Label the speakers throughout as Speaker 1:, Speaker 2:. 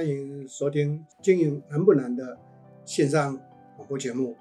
Speaker 1: 歡迎收聽《經營難不難》的線上廣播節目，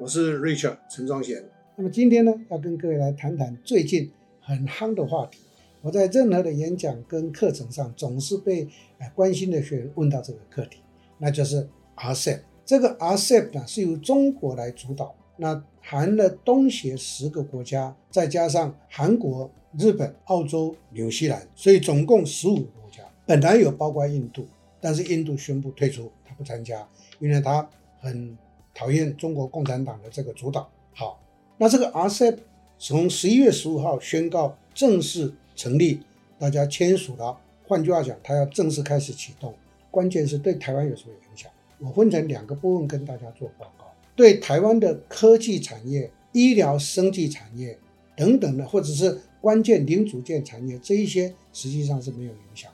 Speaker 1: 我是 Richard 陳宗賢。那麼今天呢，要跟各位來談談最近很夯的話題。我在任何的演講跟課程上，總是被關心的學員問到這個課題，那就是 RCEP。這個 RCEP 呢，是由中國來主導，那含了東協十個國家，再加上韓國、日本、澳洲、紐西蘭，所以總共十五個國家。本來有包括印度。但是印度宣布退出，他不參加，因為他很討厭中國共產黨的這個主導。好，那這個 RCEP 從十一月十五號宣告正式成立，大家簽署了。換句話講，他要正式開始啟動。關鍵是對台灣有什麼影響？我分成兩個部分跟大家做報告：對台灣的科技產業、醫療生技產業等等的，或者是關鍵零組件產業，這一些實際上是沒有影響。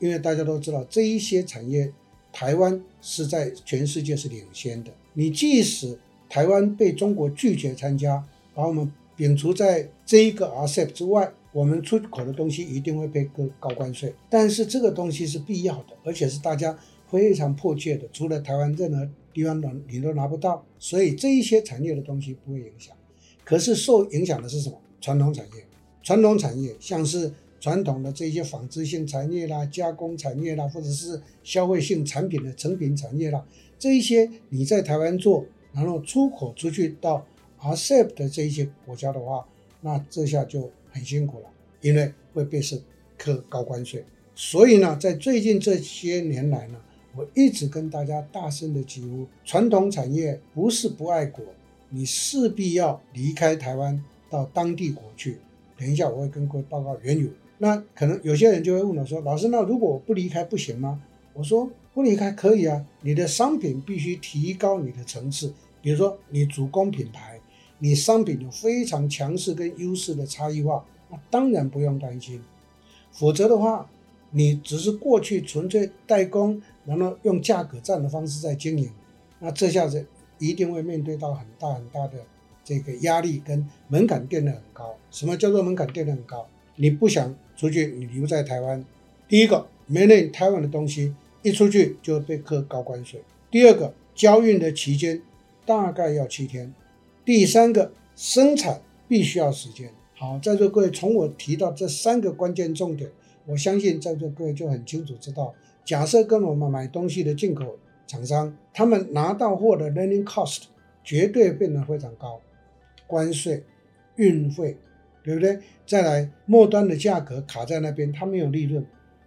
Speaker 1: 因為大家都知道，這一些產業，台灣是在全世界是領先的。你即使台灣被中國拒絕參加，把我們摒除在這一個 RCEP 之外，我們出口的東西一定會被高關稅。但是這個東西是必要的，而且是大家非常迫切的。除了台灣任何地方的你都拿不到，所以這一些產業的東西不會影響。可是受影響的是什麼？傳統產業，傳統產業像是，傳統的這些紡織性產業啦、加工產業啦，或者是消費性產品的成品產業啦，這一些你在台灣做，然後出口出去到 RCEP 的這一些國家的話，那這下就很辛苦了，因為會被是課高關稅。所以呢，在最近這些年來呢，我一直跟大家大聲的疾呼，傳統產業不是不愛國，你勢必要離開台灣到當地國去。等一下我會跟各位報告緣由。那可能有些人就會問我說：“老師，那如果我不離開不行嗎？”我說：“不離開可以啊，你的商品必須提高你的層次。比如說，你主攻品牌，你商品有非常強勢跟優勢的差異化，那當然不用擔心。否則的話，你只是過去純粹代工，然後用價格戰的方式在經營，那這下子一定會面對到很大很大的這個壓力，跟門檻變得很高。什麼叫做門檻變得很高？你不想出去你留在台灣，第一個 Made in 台灣的東西一出去就被課高關稅；第二個交運的期間大概要七天；第三個生產必須要時間。好，在座各位從我提到這三個關鍵重點，我相信在座各位就很清楚知道，假設跟我們買東西的進口廠商，他們拿到貨的 learning cost 絕對變得非常高，關稅、運費。對不對？再來，末端的價格卡在那邊，它沒有利潤，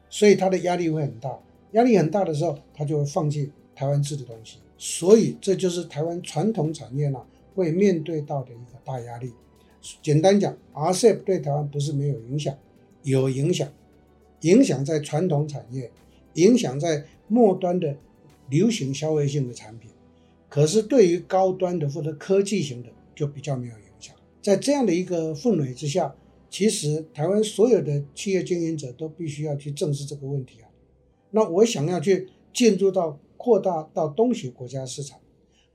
Speaker 1: 所以它的壓力會很大。壓力很大的時候，它就會放棄台灣制的東西。所以，這就是台灣傳統產業呢、啊、會面對到的一個大壓力。簡單講，RCEP 對台灣不是沒有影響，有影響，影響在傳統產業，影響在末端的流行消費性的產品。可是，對於高端的或者科技型的，就比較沒有影響。在這樣的一個氛圍之下，其實台灣所有的企業經營者都必須要去正視這個問題啊。那我想要去進駐到擴大到東西國家市場。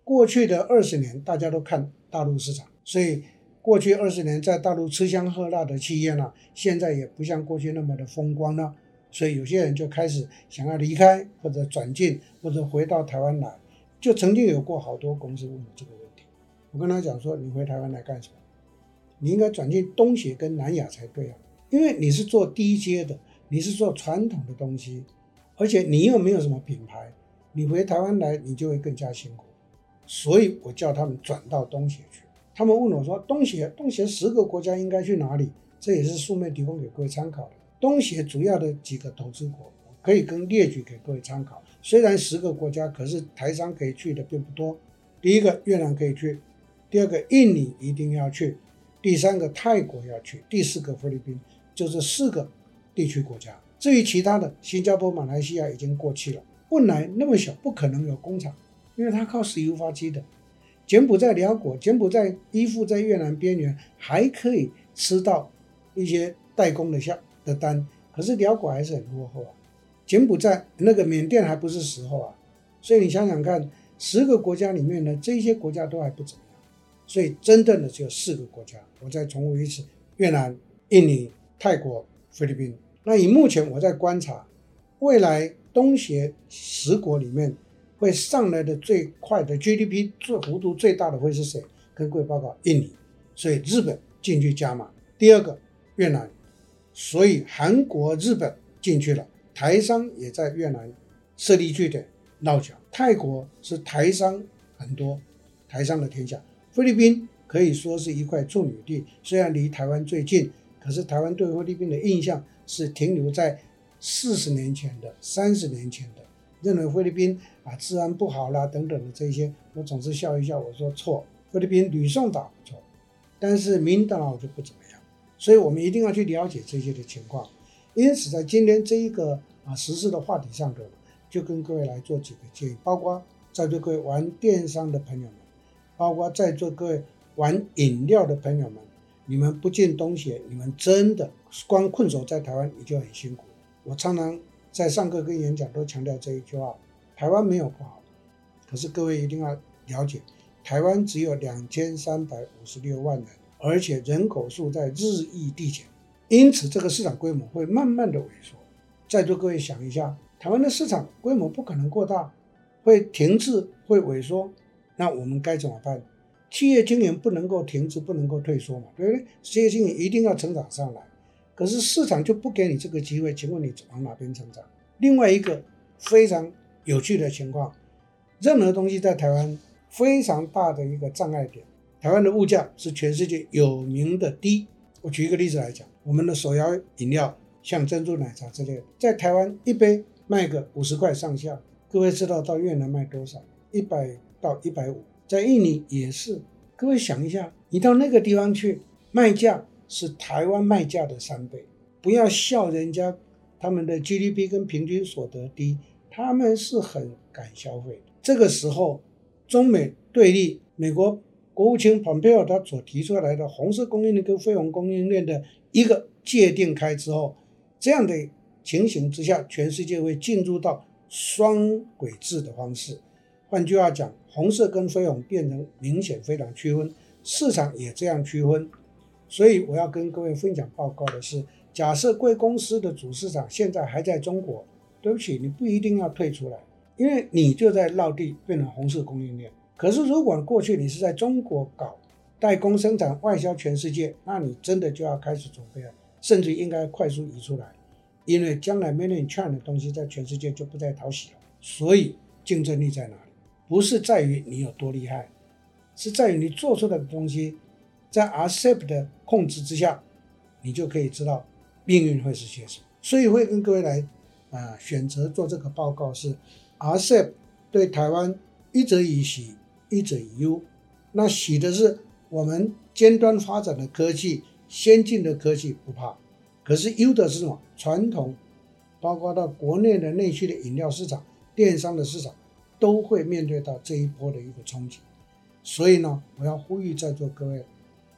Speaker 1: 過去的二十年，大家都看大陸市場，所以過去二十年在大陸吃香喝辣的企業呢，現在也不像過去那麼的風光了。所以有些人就開始想要離開，或者轉進，或者回到台灣來。就曾經有過好多公司問我這個問題，我跟他講說：“你回台灣來幹什麼？”你應該轉進東協跟南亞才對啊，因為你是做低階的，你是做傳統的東西，而且你又沒有什麼品牌，你回台灣來你就會更加辛苦，所以我叫他們轉到東協去。他們問我說：“東協，東協十個國家應該去哪裡？”這也是書面提供給各位參考的。東協主要的幾個投資國，我可以跟列舉給各位參考。雖然十個國家，可是台商可以去的並不多。第一個越南可以去，第二個印尼一定要去。第三個泰國要去，第四個菲律賓，就是四個地區國家。至於其他的，新加坡、馬來西亞已經過氣了，汶萊那麼小，不可能有工廠，因為它靠石油發跡的。柬埔寨在寮國，柬埔寨在依附在越南邊緣，還可以吃到一些代工的下的單，可是寮國還是很落後啊。柬埔寨那個緬甸還不是時候啊，所以你想想看，十個國家裡面呢，這些國家都還不走。所以真，真正的只有四個國家，我再重複一次：越南、印尼、泰國、菲律賓。那以目前我在觀察，未來東協十國裡面會上來的最快的 GDP 最幅度最大的會是誰？跟各位報告，印尼。所以日本進去加碼，第二個越南。所以韓國、日本進去了，台商也在越南設立據點落腳。泰國是台商很多，台商的天下。菲律賓可以說是一塊處女地，雖然離台灣最近，可是台灣對菲律賓的印象是停留在四十年前的、三十年前的，認為菲律賓啊治安不好啦等等的這些，我總是笑一笑，我說錯，菲律賓呂宋島不錯，但是民黨然就不怎麼樣，所以我們一定要去了解這些的情況。因此，在今天這一個啊時事的話題上頭，就跟各位來做幾個建議，包括在座各位玩電商的朋友們。包括在座各位玩飲料的朋友們，你們不見東西，你們真的光困守在台灣你就很辛苦。我常常在上課跟演講都強調這一句話：台灣沒有不好，可是各位一定要了解，台灣只有兩千三百五十六萬人，而且人口數在日益遞減，因此這個市場規模會慢慢的萎縮。在座各位想一下，台灣的市場規模不可能過大，會停滯，會萎縮。那我們該怎麼辦？企業經營不能夠停止，不能夠退縮嘛，對不對？企業經營一定要成長上來，可是市場就不給你這個機會，請問你往哪邊成長？另外一個非常有趣的情況，任何東西在台灣非常大的一個障礙點，台灣的物價是全世界有名的低。我舉一個例子來講，我們的手搖飲料，像珍珠奶茶之類的，在台灣一杯賣個五十塊上下，各位知道到越南賣多少？一百、到一百五，在印尼也是。各位想一下，你到那個地方去，賣價是台灣賣價的三倍。不要笑人家，他們的 GDP 跟平均所得低，他們是很敢消費的。這個時候，中美對立，美國國務卿蓬佩奧他所提出來的紅色供應鏈跟非紅供應鏈的一個界定開之後，這樣的情形之下，全世界會進入到雙軌制的方式。換句話講。紅色跟非紅變成明顯非常區分，市場也這樣區分，所以我要跟各位分享報告的是，假設貴公司的主市場現在還在中國，對不起，你不一定要退出來，因為你就在落地變成紅色供應鏈。可是如果過去你是在中國搞代工生產外銷全世界，那你真的就要開始準備了，甚至應該快速移出來，因為將來 made in China 的東西在全世界就不再討喜了，所以競爭力在哪裡？不是在於你有多厲害，是在於你做出的東西，在 RCEP 的控制之下，你就可以知道命運會是些什麼。所以會跟各位來，啊、呃、選擇做這個報告是 RCEP 對台灣一則以喜，一則以憂。那喜的是我們尖端發展的科技、先進的科技不怕，可是憂的是什麼？傳統，包括到國內的內需的飲料市場、電商的市場。都會面對到這一波的一個衝擊，所以呢，我要呼籲在座各位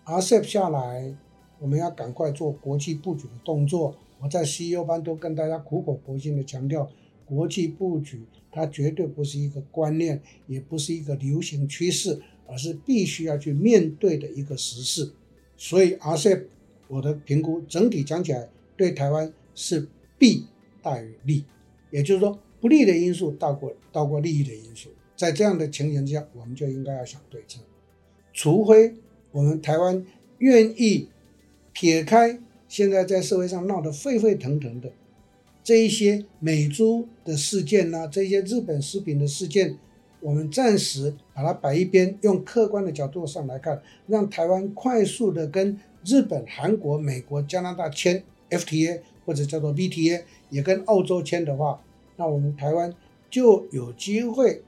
Speaker 1: ，RCEP 下來，我們要趕快做國際布局的動作。我在 CEO 班都跟大家苦口婆心的強調，國際布局它絕對不是一個觀念，也不是一個流行趨勢，而是必須要去面對的一個時事。所以 RCEP 我的評估整體講起來，對台灣是弊大於利，也就是說，不利的因素大過大過利益的因素，在這樣的情形之下，我們就應該要想對策。除非我們台灣願意撇開現在在社會上鬧得沸沸騰騰的這一些美豬的事件吶、啊，這些日本食品的事件，我們暫時把它擺一邊，用客觀的角度上來看，讓台灣快速的跟日本、韓國、美國、加拿大簽 FTA 或者叫做 BTA，也跟澳洲簽的話。那我們台灣就有機會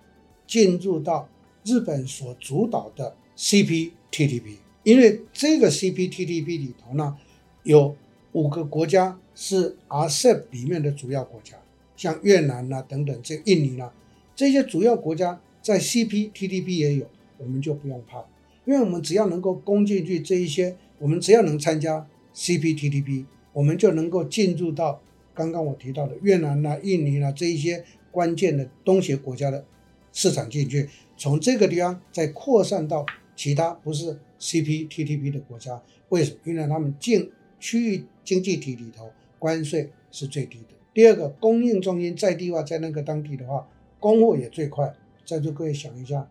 Speaker 1: 進入到日本所主導的 CPTPP，因為這個 CPTPP 裡頭呢，有五個國家是 ASEAN 裡面的主要國家，像越南吶、啊、等等，這印尼吶、啊，這些主要國家在 CPTPP 也有，我們就不用怕，因為我們只要能夠攻進去這一些，我們只要能參加 CPTPP，我們就能夠進入到。剛剛我提到的越南吶、啊、印尼吶、啊、這一些關鍵的東協國家的市場進去，從這個地方再擴散到其他不是 CPTPP 的國家，為什麼？因為他們進區域經濟體裡頭關稅是最低的。第二個，供應中心在地化，在那個當地的話，供貨也最快。在座各位想一下，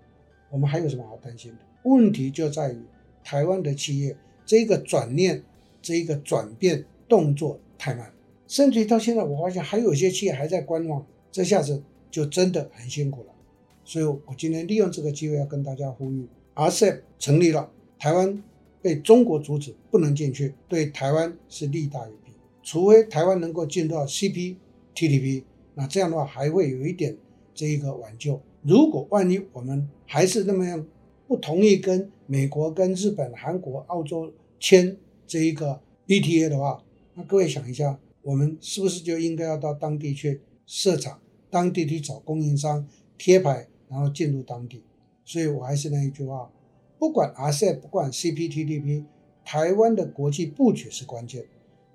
Speaker 1: 我們還有什麼好擔心的？問題就在於台灣的企業這個轉念、這一個轉變動作太慢。甚至到現在，我發現還有些企業還在觀望，這下子就真的很辛苦了。所以，我今天利用這個機會要跟大家呼籲：RCEP 成立了，台灣被中國阻止不能進去，對台灣是利大於弊。除非台灣能夠進入到 c p t d p 那這樣的話還會有一點這一個挽救。如果萬一我們還是那麼樣不同意跟美國、跟日本、韓國、澳洲簽這一個 BTA 的話，那各位想一下。我們是不是就應該要到當地去設廠，當地去找供應商貼牌，然後進入當地？所以我還是那一句話，不管 RCEP，不管 CPTPP，台灣的國際佈局是關鍵。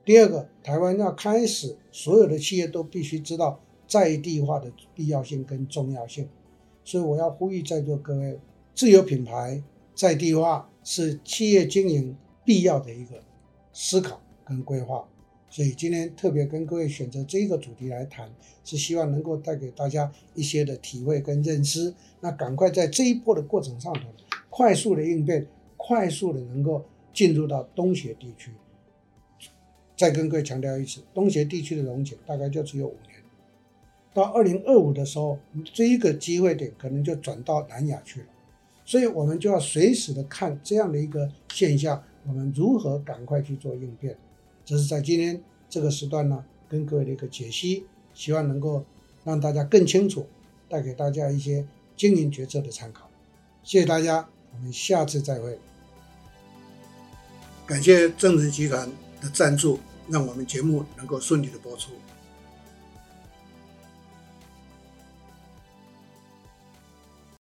Speaker 1: 第二個，台灣要開始，所有的企業都必須知道在地化的必要性跟重要性。所以我要呼籲在座各位，自有品牌在地化是企業經營必要的一個思考跟規劃。所以今天特別跟各位選擇這一個主題來談，是希望能夠帶給大家一些的體會跟認知。那趕快在這一波的過程上頭，快速的應變，快速的能夠進入到東協地區。再跟各位強調一次，東協地區的溶解大概就只有五年，到二零二五的時候，這一個機會點可能就轉到南亞去了。所以我們就要隨時的看這樣的一個現象，我們如何趕快去做應變。這是在今天這個時段呢，跟各位的一個解析，希望能夠讓大家更清楚，帶給大家一些經營決策的參考。謝謝大家，我們下次再會。感謝正直集團的贊助，讓我們節目能夠順利的播出。